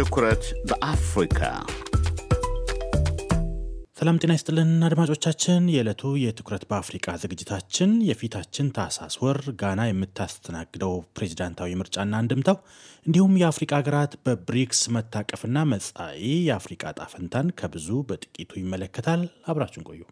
ትኩረት በአፍሪካ ሰላም ጤና ይስጥልን አድማጮቻችን። የዕለቱ የትኩረት በአፍሪቃ ዝግጅታችን የፊታችን ታህሳስ ወር ጋና የምታስተናግደው ፕሬዚዳንታዊ ምርጫና አንድምታው እንዲሁም የአፍሪቃ ሀገራት በብሪክስ መታቀፍና መጻኢ የአፍሪቃ ጣፈንታን ከብዙ በጥቂቱ ይመለከታል። አብራችን ቆዩ።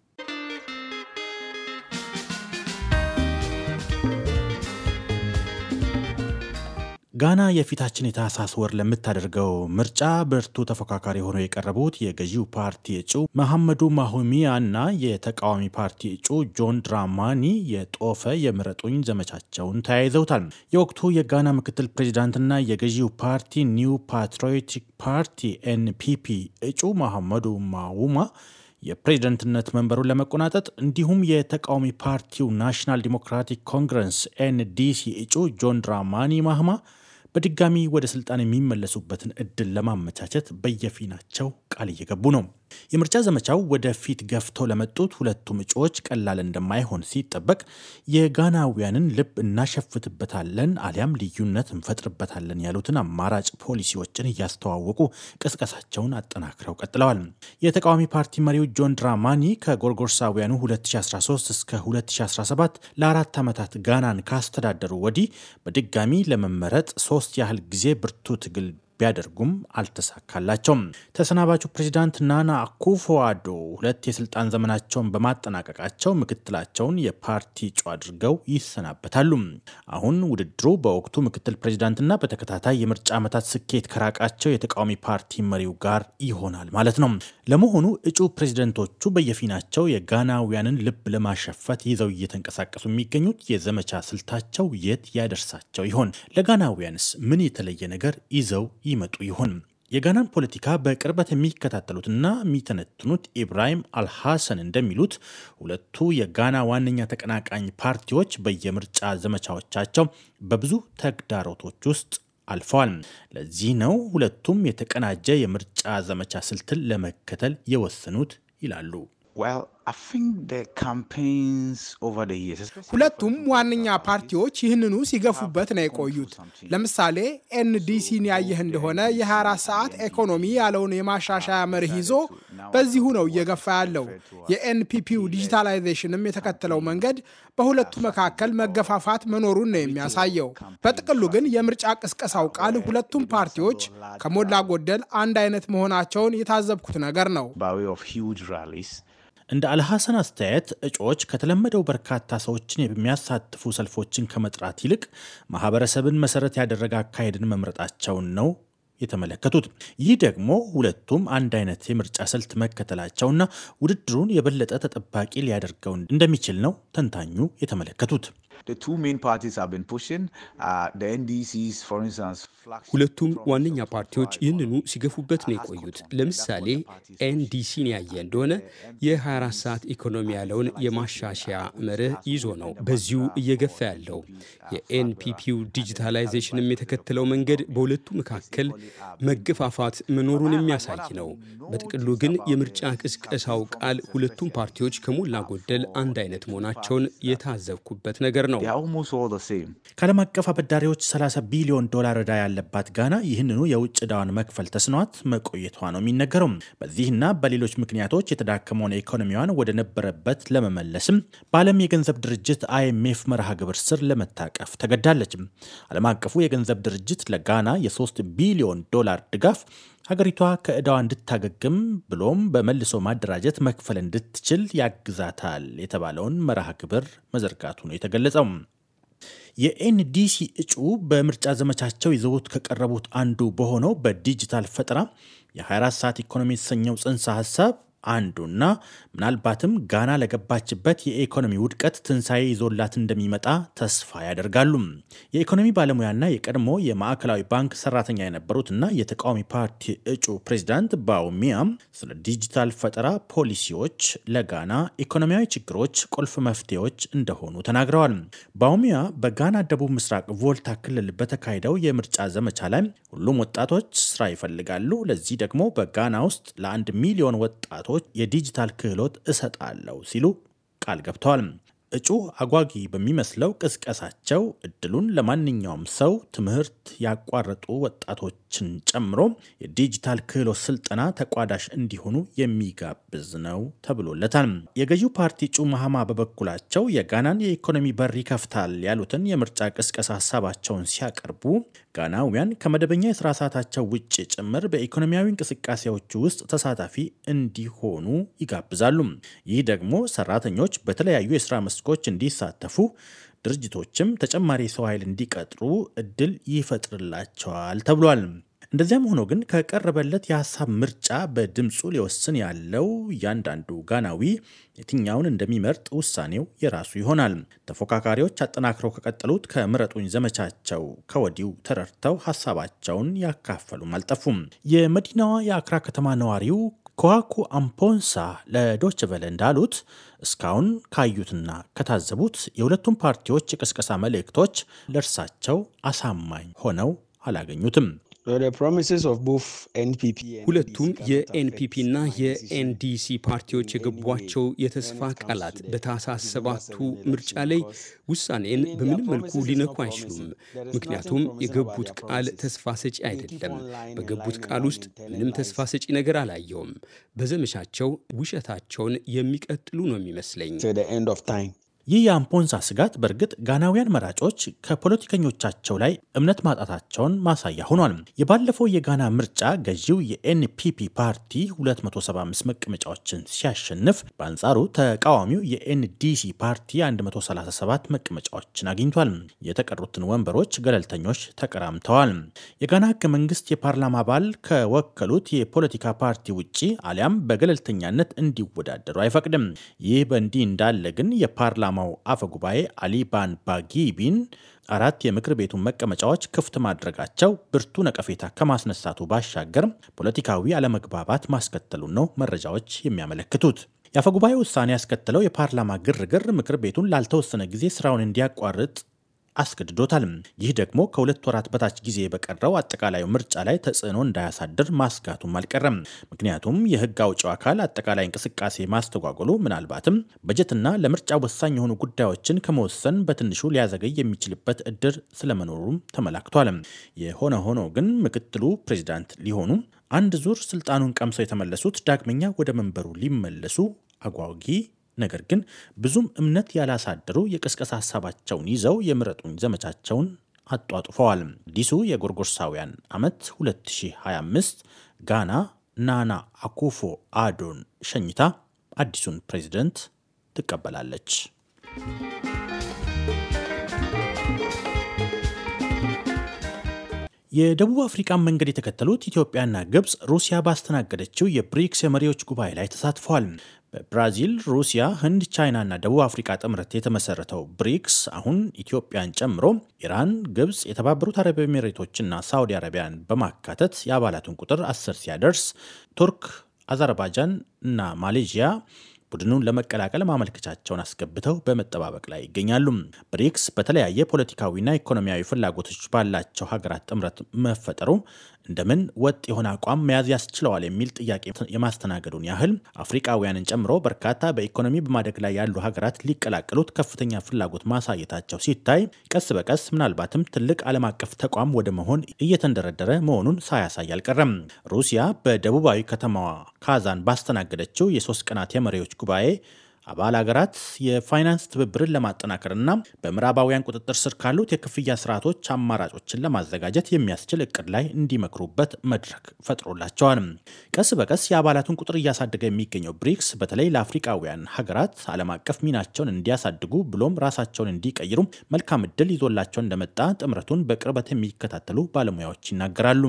ጋና የፊታችን የታህሳስ ወር ለምታደርገው ምርጫ ብርቱ ተፎካካሪ ሆነው የቀረቡት የገዢው ፓርቲ እጩ መሐመዱ ማሁሚያ እና የተቃዋሚ ፓርቲ እጩ ጆን ድራማኒ የጦፈ የምረጡኝ ዘመቻቸውን ተያይዘውታል። የወቅቱ የጋና ምክትል ፕሬዚዳንትና የገዢው ፓርቲ ኒው ፓትሪዮቲክ ፓርቲ ኤንፒፒ እጩ መሐመዱ ማውማ የፕሬዝደንትነት መንበሩን ለመቆናጠጥ እንዲሁም የተቃዋሚ ፓርቲው ናሽናል ዲሞክራቲክ ኮንግረስ ኤንዲሲ እጩ ጆን ድራማኒ ማህማ በድጋሚ ወደ ስልጣን የሚመለሱበትን እድል ለማመቻቸት በየፊናቸው ቃል እየገቡ ነው። የምርጫ ዘመቻው ወደፊት ገፍተው ለመጡት ሁለቱም እጩዎች ቀላል እንደማይሆን ሲጠበቅ የጋናውያንን ልብ እናሸፍትበታለን አሊያም ልዩነት እንፈጥርበታለን ያሉትን አማራጭ ፖሊሲዎችን እያስተዋወቁ ቅስቀሳቸውን አጠናክረው ቀጥለዋል። የተቃዋሚ ፓርቲ መሪው ጆን ድራማኒ ከጎርጎርሳውያኑ 2013 እስከ 2017 ለአራት ዓመታት ጋናን ካስተዳደሩ ወዲህ በድጋሚ ለመመረጥ ሶስት ያህል ጊዜ ብርቱ ትግል ቢያደርጉም አልተሳካላቸውም። ተሰናባቹ ፕሬዚዳንት ናና አኩፎአዶ ሁለት የስልጣን ዘመናቸውን በማጠናቀቃቸው ምክትላቸውን የፓርቲ እጩ አድርገው ይሰናበታሉ። አሁን ውድድሩ በወቅቱ ምክትል ፕሬዚዳንትና በተከታታይ የምርጫ ዓመታት ስኬት ከራቃቸው የተቃዋሚ ፓርቲ መሪው ጋር ይሆናል ማለት ነው። ለመሆኑ እጩ ፕሬዚደንቶቹ በየፊናቸው የጋናውያንን ልብ ለማሸፈት ይዘው እየተንቀሳቀሱ የሚገኙት የዘመቻ ስልታቸው የት ያደርሳቸው ይሆን? ለጋናውያንስ ምን የተለየ ነገር ይዘው ይመጡ ይሆን? የጋናን ፖለቲካ በቅርበት የሚከታተሉትና የሚተነትኑት ኢብራሂም አልሐሰን እንደሚሉት ሁለቱ የጋና ዋነኛ ተቀናቃኝ ፓርቲዎች በየምርጫ ዘመቻዎቻቸው በብዙ ተግዳሮቶች ውስጥ አልፈዋል። ለዚህ ነው ሁለቱም የተቀናጀ የምርጫ ዘመቻ ስልትን ለመከተል የወሰኑት ይላሉ። ሁለቱም ዋነኛ ፓርቲዎች ይህንኑ ሲገፉበት ነው የቆዩት። ለምሳሌ ኤንዲሲን ያየህ እንደሆነ የ24 ሰዓት ኢኮኖሚ ያለውን የማሻሻያ መርህ ይዞ በዚሁ ነው እየገፋ ያለው። የኤንፒፒው ዲጂታላይዜሽንም የተከተለው መንገድ በሁለቱ መካከል መገፋፋት መኖሩን ነው የሚያሳየው። በጥቅሉ ግን የምርጫ ቅስቀሳው ቃል ሁለቱም ፓርቲዎች ከሞላ ጎደል አንድ አይነት መሆናቸውን የታዘብኩት ነገር ነው። እንደ አልሐሰን አስተያየት እጩዎች ከተለመደው በርካታ ሰዎችን የሚያሳትፉ ሰልፎችን ከመጥራት ይልቅ ማህበረሰብን መሰረት ያደረገ አካሄድን መምረጣቸውን ነው የተመለከቱት። ይህ ደግሞ ሁለቱም አንድ አይነት የምርጫ ስልት መከተላቸውና ውድድሩን የበለጠ ተጠባቂ ሊያደርገው እንደሚችል ነው ተንታኙ የተመለከቱት። ሁለቱም ዋነኛ ፓርቲዎች ይህንኑ ሲገፉበት ነው የቆዩት። ለምሳሌ ኤንዲሲን ያየ እንደሆነ የ24 ሰዓት ኢኮኖሚ ያለውን የማሻሻያ መርህ ይዞ ነው በዚሁ እየገፋ ያለው። የኤንፒፒው ዲጂታላይዜሽንም የተከተለው መንገድ በሁለቱ መካከል መገፋፋት መኖሩን የሚያሳይ ነው። በጥቅሉ ግን የምርጫ ቅስቀሳው ቃል ሁለቱም ፓርቲዎች ከሞላ ጎደል አንድ አይነት መሆናቸውን የታዘብኩበት ነገር ነው። ከዓለም አቀፍ አበዳሪዎች 30 ቢሊዮን ዶላር ዕዳ ያለባት ጋና ይህንኑ የውጭ ዕዳዋን መክፈል ተስኗት መቆየቷ ነው የሚነገረው። በዚህና በሌሎች ምክንያቶች የተዳከመውን ኢኮኖሚዋን ወደ ነበረበት ለመመለስም በዓለም የገንዘብ ድርጅት አይኤምኤፍ መርሃ ግብር ስር ለመታቀፍ ተገዳለች። ዓለም አቀፉ የገንዘብ ድርጅት ለጋና የ3 ቢሊዮን ዶላር ድጋፍ ሀገሪቷ ከዕዳዋ እንድታገግም ብሎም በመልሶ ማደራጀት መክፈል እንድትችል ያግዛታል የተባለውን መርሃ ግብር መዘርጋቱ ነው የተገለጸው። የኤንዲሲ እጩ በምርጫ ዘመቻቸው ይዘውት ከቀረቡት አንዱ በሆነው በዲጂታል ፈጠራ የ24 ሰዓት ኢኮኖሚ የተሰኘው ጽንሰ ሀሳብ አንዱና ምናልባትም ጋና ለገባችበት የኢኮኖሚ ውድቀት ትንሣኤ ይዞላት እንደሚመጣ ተስፋ ያደርጋሉ። የኢኮኖሚ ባለሙያና የቀድሞ የማዕከላዊ ባንክ ሰራተኛ የነበሩት እና የተቃዋሚ ፓርቲ እጩ ፕሬዚዳንት ባውሚያም ስለ ዲጂታል ፈጠራ ፖሊሲዎች ለጋና ኢኮኖሚያዊ ችግሮች ቁልፍ መፍትሄዎች እንደሆኑ ተናግረዋል። ባውሚያ በጋና ደቡብ ምስራቅ ቮልታ ክልል በተካሄደው የምርጫ ዘመቻ ላይ ሁሉም ወጣቶች ስራ ይፈልጋሉ፣ ለዚህ ደግሞ በጋና ውስጥ ለአንድ ሚሊዮን ወጣቶች ወጣቶች የዲጂታል ክህሎት እሰጣለሁ ሲሉ ቃል ገብተዋል። እጩ አጓጊ በሚመስለው ቅስቀሳቸው እድሉን ለማንኛውም ሰው ትምህርት ያቋረጡ ወጣቶች ችን ጨምሮ የዲጂታል ክህሎት ስልጠና ተቋዳሽ እንዲሆኑ የሚጋብዝ ነው ተብሎለታል። የገዢው ፓርቲ እጩ በበኩላቸው የጋናን የኢኮኖሚ በር ይከፍታል ያሉትን የምርጫ ቅስቀሳ ሀሳባቸውን ሲያቀርቡ ጋናውያን ከመደበኛ የስራ ሰዓታቸው ውጭ ጭምር በኢኮኖሚያዊ እንቅስቃሴዎች ውስጥ ተሳታፊ እንዲሆኑ ይጋብዛሉ። ይህ ደግሞ ሰራተኞች በተለያዩ የስራ መስኮች እንዲሳተፉ ድርጅቶችም ተጨማሪ ሰው ኃይል እንዲቀጥሩ እድል ይፈጥርላቸዋል ተብሏል። እንደዚያም ሆኖ ግን ከቀረበለት የሀሳብ ምርጫ በድምፁ ሊወስን ያለው እያንዳንዱ ጋናዊ የትኛውን እንደሚመርጥ ውሳኔው የራሱ ይሆናል። ተፎካካሪዎች አጠናክረው ከቀጠሉት ከምረጡኝ ዘመቻቸው ከወዲሁ ተረድተው ሀሳባቸውን ያካፈሉም አልጠፉም። የመዲናዋ የአክራ ከተማ ነዋሪው ከዋኩ አምፖንሳ ለዶች በለ እንዳሉት እስካሁን ካዩትና ከታዘቡት የሁለቱም ፓርቲዎች የቅስቀሳ መልእክቶች ለእርሳቸው አሳማኝ ሆነው አላገኙትም። ሁለቱም የኤንፒፒ እና የኤንዲሲ ፓርቲዎች የገቧቸው የተስፋ ቃላት በታህሳስ ሰባቱ ምርጫ ላይ ውሳኔን በምንም መልኩ ሊነኩ አይችሉም። ምክንያቱም የገቡት ቃል ተስፋ ሰጪ አይደለም። በገቡት ቃል ውስጥ ምንም ተስፋ ሰጪ ነገር አላየውም። በዘመቻቸው ውሸታቸውን የሚቀጥሉ ነው የሚመስለኝ። ይህ የአምፖንሳ ስጋት በእርግጥ ጋናውያን መራጮች ከፖለቲከኞቻቸው ላይ እምነት ማጣታቸውን ማሳያ ሆኗል። የባለፈው የጋና ምርጫ ገዢው የኤንፒፒ ፓርቲ 275 መቀመጫዎችን ሲያሸንፍ፣ በአንጻሩ ተቃዋሚው የኤንዲሲ ፓርቲ 137 መቀመጫዎችን አግኝቷል። የተቀሩትን ወንበሮች ገለልተኞች ተቀራምተዋል። የጋና ህገ መንግስት የፓርላማ አባል ከወከሉት የፖለቲካ ፓርቲ ውጪ አሊያም በገለልተኛነት እንዲወዳደሩ አይፈቅድም። ይህ በእንዲህ እንዳለ ግን የፓርላማ የፓርላማው አፈ ጉባኤ አሊባን ባጊቢን አራት የምክር ቤቱን መቀመጫዎች ክፍት ማድረጋቸው ብርቱ ነቀፌታ ከማስነሳቱ ባሻገር ፖለቲካዊ አለመግባባት ማስከተሉን ነው መረጃዎች የሚያመለክቱት። የአፈጉባኤ ውሳኔ ያስከተለው የፓርላማ ግርግር ምክር ቤቱን ላልተወሰነ ጊዜ ስራውን እንዲያቋርጥ አስገድዶታል። ይህ ደግሞ ከሁለት ወራት በታች ጊዜ በቀረው አጠቃላዩ ምርጫ ላይ ተጽዕኖ እንዳያሳድር ማስጋቱም አልቀረም። ምክንያቱም የህግ አውጪው አካል አጠቃላይ እንቅስቃሴ ማስተጓጎሉ ምናልባትም በጀትና ለምርጫ ወሳኝ የሆኑ ጉዳዮችን ከመወሰን በትንሹ ሊያዘገይ የሚችልበት እድር ስለመኖሩም ተመላክቷል። የሆነ ሆኖ ግን ምክትሉ ፕሬዚዳንት ሊሆኑ አንድ ዙር ስልጣኑን ቀምሰው የተመለሱት ዳግመኛ ወደ መንበሩ ሊመለሱ አጓጊ ነገር ግን ብዙም እምነት ያላሳደሩ የቅስቀሳ ሀሳባቸውን ይዘው የምረጡኝ ዘመቻቸውን አጧጡፈዋል። አዲሱ የጎርጎርሳውያን ዓመት 2025 ጋና ናና አኩፎ አዶን ሸኝታ አዲሱን ፕሬዝደንት ትቀበላለች። የደቡብ አፍሪካን መንገድ የተከተሉት ኢትዮጵያና ግብፅ ሩሲያ ባስተናገደችው የብሪክስ የመሪዎች ጉባኤ ላይ ተሳትፈዋል። በብራዚል፣ ሩሲያ፣ ህንድ፣ ቻይናና ደቡብ አፍሪካ ጥምረት የተመሰረተው ብሪክስ አሁን ኢትዮጵያን ጨምሮ ኢራን፣ ግብፅ፣ የተባበሩት አረብ ኤሚሬቶችና ሳውዲ አረቢያን በማካተት የአባላቱን ቁጥር አስር ሲያደርስ ቱርክ፣ አዘርባጃን እና ማሌዥያ ቡድኑን ለመቀላቀል ማመልከቻቸውን አስገብተው በመጠባበቅ ላይ ይገኛሉ። ብሪክስ በተለያየ ፖለቲካዊና ኢኮኖሚያዊ ፍላጎቶች ባላቸው ሀገራት ጥምረት መፈጠሩ እንደምን ወጥ የሆነ አቋም መያዝ ያስችለዋል የሚል ጥያቄ የማስተናገዱን ያህል አፍሪቃውያንን ጨምሮ በርካታ በኢኮኖሚ በማደግ ላይ ያሉ ሀገራት ሊቀላቀሉት ከፍተኛ ፍላጎት ማሳየታቸው ሲታይ ቀስ በቀስ ምናልባትም ትልቅ ዓለም አቀፍ ተቋም ወደ መሆን እየተንደረደረ መሆኑን ሳያሳይ አልቀረም። ሩሲያ በደቡባዊ ከተማዋ ካዛን ባስተናገደችው የሶስት ቀናት የመሪዎች ጉባኤ አባል ሀገራት የፋይናንስ ትብብርን ለማጠናከርና በምዕራባውያን ቁጥጥር ስር ካሉት የክፍያ ስርዓቶች አማራጮችን ለማዘጋጀት የሚያስችል እቅድ ላይ እንዲመክሩበት መድረክ ፈጥሮላቸዋል። ቀስ በቀስ የአባላቱን ቁጥር እያሳደገ የሚገኘው ብሪክስ በተለይ ለአፍሪቃውያን ሀገራት ዓለም አቀፍ ሚናቸውን እንዲያሳድጉ ብሎም ራሳቸውን እንዲቀይሩ መልካም እድል ይዞላቸው እንደመጣ ጥምረቱን በቅርበት የሚከታተሉ ባለሙያዎች ይናገራሉ።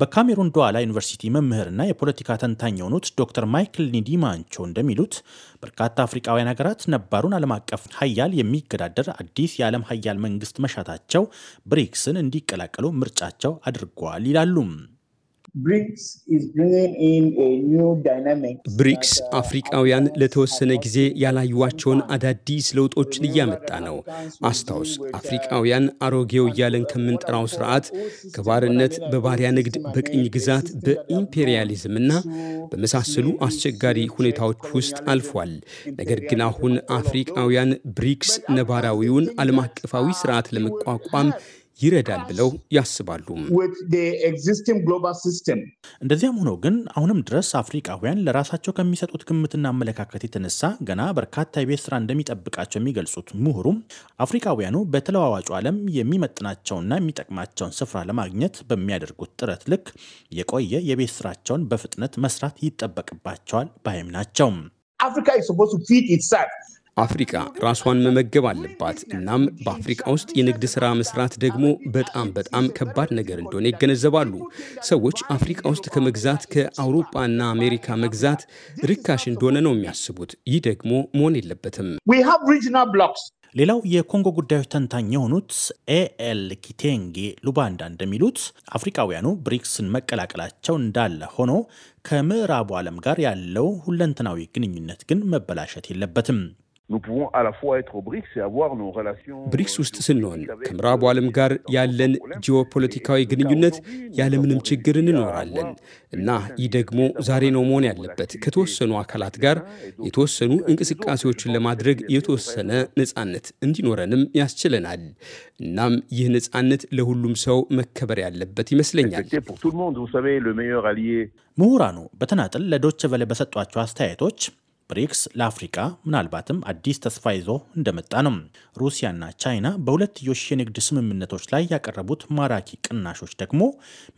በካሜሩን ዶዋላ ዩኒቨርሲቲ መምህርና የፖለቲካ ተንታኝ የሆኑት ዶክተር ማይክል ኒዲማንቾ እንደሚሉት በርካታ አፍሪቃውያን ሀገራት ነባሩን ዓለም አቀፍ ሀያል የሚገዳደር አዲስ የዓለም ሀያል መንግስት መሻታቸው ብሪክስን እንዲቀላቀሉ ምርጫቸው አድርጓል ይላሉ። ብሪክስ አፍሪቃውያን uh, ለተወሰነ ጊዜ ያላዩዋቸውን uh, አዳዲስ ለውጦችን እያመጣ ነው። አስታውስ፣ uh, አፍሪቃውያን አሮጌው እያለን ከምንጠራው ስርዓት ከባርነት፣ በባሪያ ንግድ፣ በቅኝ ግዛት፣ በኢምፔሪያሊዝም እና በመሳሰሉ አስቸጋሪ ሁኔታዎች ውስጥ አልፏል። ነገር ግን አሁን አፍሪቃውያን ብሪክስ ነባራዊውን ዓለም አቀፋዊ ስርዓት ለመቋቋም ይረዳል ብለው ያስባሉ። እንደዚያም ሆኖ ግን አሁንም ድረስ አፍሪቃውያን ለራሳቸው ከሚሰጡት ግምትና አመለካከት የተነሳ ገና በርካታ የቤት ስራ እንደሚጠብቃቸው የሚገልጹት ምሁሩም አፍሪካውያኑ በተለዋዋጩ ዓለም የሚመጥናቸውና የሚጠቅማቸውን ስፍራ ለማግኘት በሚያደርጉት ጥረት ልክ የቆየ የቤት ስራቸውን በፍጥነት መስራት ይጠበቅባቸዋል ባይም ናቸው። አፍሪካ ራሷን መመገብ አለባት። እናም በአፍሪካ ውስጥ የንግድ ሥራ መስራት ደግሞ በጣም በጣም ከባድ ነገር እንደሆነ ይገነዘባሉ። ሰዎች አፍሪካ ውስጥ ከመግዛት ከአውሮፓና አሜሪካ መግዛት ርካሽ እንደሆነ ነው የሚያስቡት። ይህ ደግሞ መሆን የለበትም። ሌላው የኮንጎ ጉዳዮች ተንታኝ የሆኑት ኤኤል ኪቴንጌ ሉባንዳ እንደሚሉት አፍሪካውያኑ ብሪክስን መቀላቀላቸው እንዳለ ሆኖ ከምዕራቡ ዓለም ጋር ያለው ሁለንተናዊ ግንኙነት ግን መበላሸት የለበትም። ብሪክስ ውስጥ ስንሆን ከምዕራቡ ዓለም ጋር ያለን ጂኦፖለቲካዊ ግንኙነት ያለምንም ችግር እንኖራለን እና ይህ ደግሞ ዛሬ ነው መሆን ያለበት። ከተወሰኑ አካላት ጋር የተወሰኑ እንቅስቃሴዎችን ለማድረግ የተወሰነ ነፃነት እንዲኖረንም ያስችለናል። እናም ይህ ነፃነት ለሁሉም ሰው መከበር ያለበት ይመስለኛል። ምሁራኑ በተናጥል ለዶች በሰጧቸው አስተያየቶች ብሪክስ ለአፍሪካ ምናልባትም አዲስ ተስፋ ይዞ እንደመጣ ነው። ሩሲያና ቻይና በሁለትዮሽ የንግድ ስምምነቶች ላይ ያቀረቡት ማራኪ ቅናሾች ደግሞ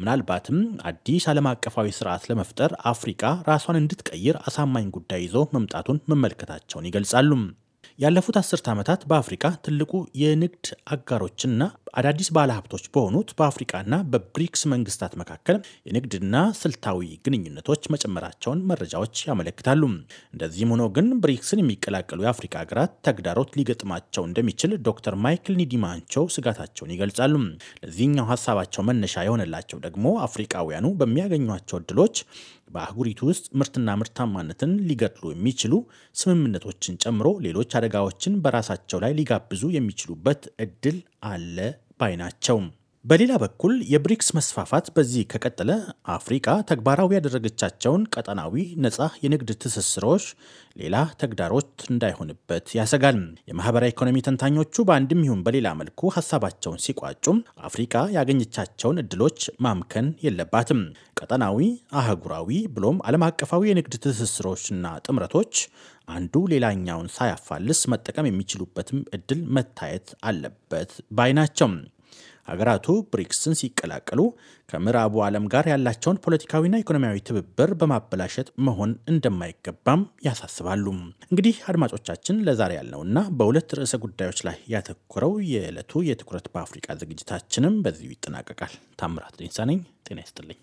ምናልባትም አዲስ ዓለም አቀፋዊ ስርዓት ለመፍጠር አፍሪካ ራሷን እንድትቀይር አሳማኝ ጉዳይ ይዞ መምጣቱን መመልከታቸውን ይገልጻሉ። ያለፉት አስርት ዓመታት በአፍሪካ ትልቁ የንግድ አጋሮችና አዳዲስ ባለሀብቶች በሆኑት በአፍሪቃና በብሪክስ መንግስታት መካከል የንግድና ስልታዊ ግንኙነቶች መጨመራቸውን መረጃዎች ያመለክታሉ። እንደዚህም ሆኖ ግን ብሪክስን የሚቀላቀሉ የአፍሪካ ሀገራት ተግዳሮት ሊገጥማቸው እንደሚችል ዶክተር ማይክል ኒዲማንቸው ስጋታቸውን ይገልጻሉ። ለዚህኛው ሀሳባቸው መነሻ የሆነላቸው ደግሞ አፍሪቃውያኑ በሚያገኟቸው እድሎች በአህጉሪቱ ውስጥ ምርትና ምርታማነትን ሊገድሉ የሚችሉ ስምምነቶችን ጨምሮ ሌሎች አደጋዎችን በራሳቸው ላይ ሊጋብዙ የሚችሉበት እድል አለ ባይ ናቸው። በሌላ በኩል የብሪክስ መስፋፋት በዚህ ከቀጠለ አፍሪካ ተግባራዊ ያደረገቻቸውን ቀጠናዊ ነጻ የንግድ ትስስሮች ሌላ ተግዳሮት እንዳይሆንበት ያሰጋል። የማህበራዊ ኢኮኖሚ ተንታኞቹ በአንድም ይሁን በሌላ መልኩ ሀሳባቸውን ሲቋጩም አፍሪካ ያገኘቻቸውን እድሎች ማምከን የለባትም። ቀጠናዊ፣ አህጉራዊ ብሎም ዓለም አቀፋዊ የንግድ ትስስሮችና ጥምረቶች አንዱ ሌላኛውን ሳያፋልስ መጠቀም የሚችሉበትም እድል መታየት አለበት ባይ ናቸው። ሀገራቱ ብሪክስን ሲቀላቀሉ ከምዕራቡ ዓለም ጋር ያላቸውን ፖለቲካዊና ኢኮኖሚያዊ ትብብር በማበላሸት መሆን እንደማይገባም ያሳስባሉ። እንግዲህ አድማጮቻችን ለዛሬ ያልነውና በሁለት ርዕሰ ጉዳዮች ላይ ያተኮረው የዕለቱ የትኩረት በአፍሪቃ ዝግጅታችንም በዚሁ ይጠናቀቃል። ታምራት ዴንሳ ነኝ። ጤና ይስጥልኝ።